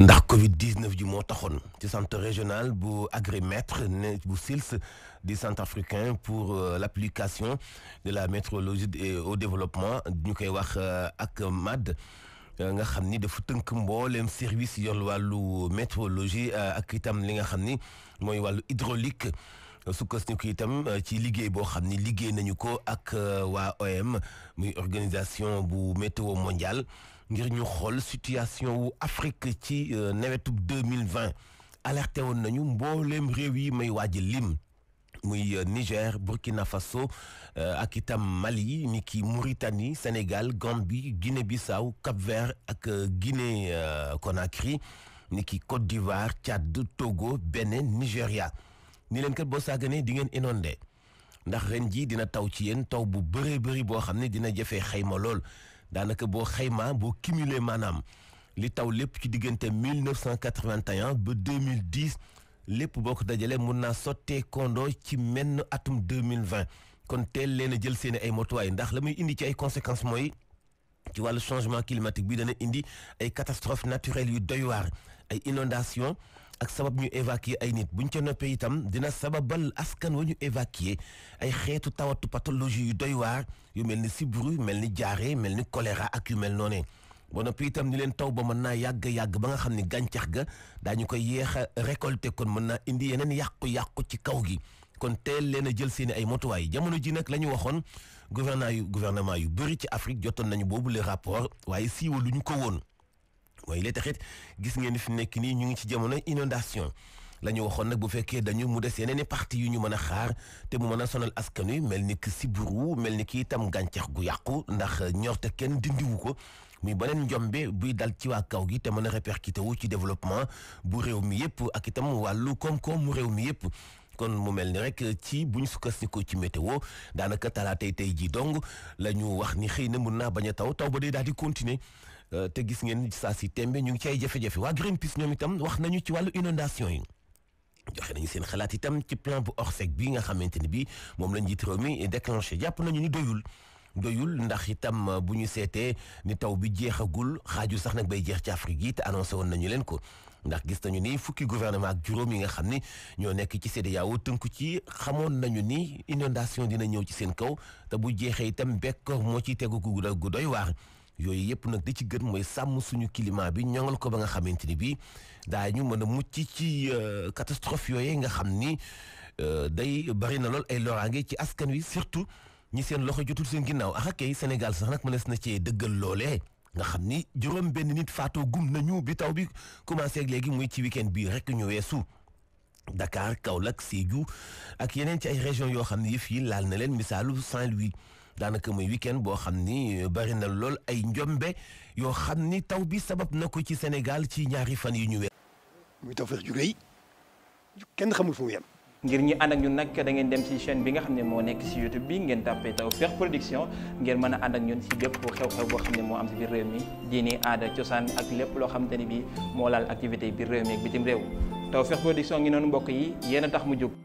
ndax Covid 19 ji moo taxoon ci centre régional bu Agrimettre ne bu SILS di centre africain pour euh, l'application de la météorologie et au développement ñu koy wax euh, ak MAD. Euh, nga xam ni dafa tënk mbooleem service yor wàllu météorologie ak itam li nga xam ni mooy wàllu hydraulique sukkandiku itam ci liggéey boo xam ni liggéey nañu ko ak waa OM muy organisation bu météo mondiale. ngir ñu xool situation wu Afrique ci euh, nawetub 2020 alerté woon nañu mbooleem réew yi may waaj lim muy euh, Niger Burkina Faso euh, ak itam Mali ni ki Mauritanie Sénégal Gambie Guinée-Bissau Cap-Vert ak Guinée Conakry ni ki Côte d'Ivoire Tchad Togo Benin Nigéria ni leen kat boo saaganee di ngeen inondé ndax ren jii dina taw ci yéen taw bu bëree bëri boo xam ne dina jafee xayma lool daanaka boo xaymaa boo cumulé maanaam li taw lépp ci diggante 1981 ba 2010 lépp boo ko dajalee mun naa sottee kondo ci menn atum 2020 kon teel leen a jël seen ay motuwaay ndax la muy indi ci ay conséquences mooy ci wàllu changement climatique bi dana indi ay catastrophes naturelles yu doy waar ay inondations ak sabab ñu évacuer ay nit buñ ca noppee itam dina sababal askan wa ñu évacuer ay xeetu tawatu pathologie yu doy waar yu mel ni sibru mel ni diarrhée mel ni choléra ak yu mel noonee ba noppi itam ni leen taw ba mën naa yàgg yàgg ba nga xam ne gàncax ga daañu koy yéex a récolter kon mën naa indi yeneen yàqu-yàqu ci kaw gi kon teel leen a jël seeni ay motuwaay jamono ji nag la ñu waxoon gouvernement yu gouvernement yu bëri ci Afrique jotoon nañu boobu les rapports waaye siiwa lu ñu ko woon mooy lee taxit gis ngeen fi nekk nii ñu ngi ci jamono inondation la ñu waxoon nag bu fekkee dañu mu des yeneen i partie yu ñu mën a xaar te mu mën a sonal askan wi mel ni ki siburu mel ni ki itam gàncax gu yàqu ndax ñorte kenn dindiwu ko muy beneen njombe buy dal ci waa kaw gi te mën a répercuté wu ci développement bu réew mi yëpp ak itam wàllu koom-koom mu réew mi yëpp kon mu mel ni rek ci buñ ñu ci météo daanaka talaatay tey jii dong la ñu wax ni xëy na mun naa bañ a taw taw ba day daal di continuer Euh, te gis ngeen saa si tembe ñu ngi ci ay jafe-jafe waa Greenpeace ñoom itam wax nañu ci wàllu inondation yi joxe nañu seen xalaat itam ci plan bu ORSEC bi nga xamante ne bi moom la njiit réew mi déclenché jàpp nañu ni doyul doyul ndax itam bu ñu seetee ni taw bi jeexagul xaaju sax nag bay jeex ci Afrique yi te annoncé woon nañu leen ko ndax gis nañu ni fukki gouvernement ak juróom yi nga xam ni ñoo nekk ci CEDEAO tënku ci xamoon nañu ni inondation dina ñëw ci seen kaw te bu jeexee itam bekkoor moo ciy tegu gu doy waar yooyu yëpp nag di ci gën mooy sàmm suñu climat bi ñoŋal ko ba nga xamante ni bii daañu mën a mucc ci euh, catastrophe yooyu nga xam ni euh, day bari na lool ay ngi ci askan wi surtout ñi seen loxo jotul seen ginnaaw ak ah, kay Sénégal sax nag mënees na cee dëggal loole nga xam ni juróom benn nit faatoo gum nañu bi taw bi commencé ak léegi muy ci week-end bii rek ñu weesu Dakar Kaolack Sédhiou ak yeneen ci ay régions yoo xam ne yëf fii laal na leen misaalu Saint-Louis. daanaka muy week-end boo xam ni euh, bari na lool ay njombe yoo xam ni taw bi sabab na ko ci Sénégal ci ñaari fan yu ñu weer. muy Tawfekh ju rëy kenn xamul fu mu yem. ngir ñi ànd ak ñun nag da ngeen dem ci chaîne bi nga xam ne moo nekk ci YouTube bi ngeen tàppee Tawfekh Production ngeen mën a ànd ak ñun ci bépp xew-xew boo xam ne moo am ci biir réew mi diini aada cosaan ak lépp loo xamante ni bi moo laal activité biir réew mi ak bitim réew Tawfekh Production ngi yi yéen tax mu jóg.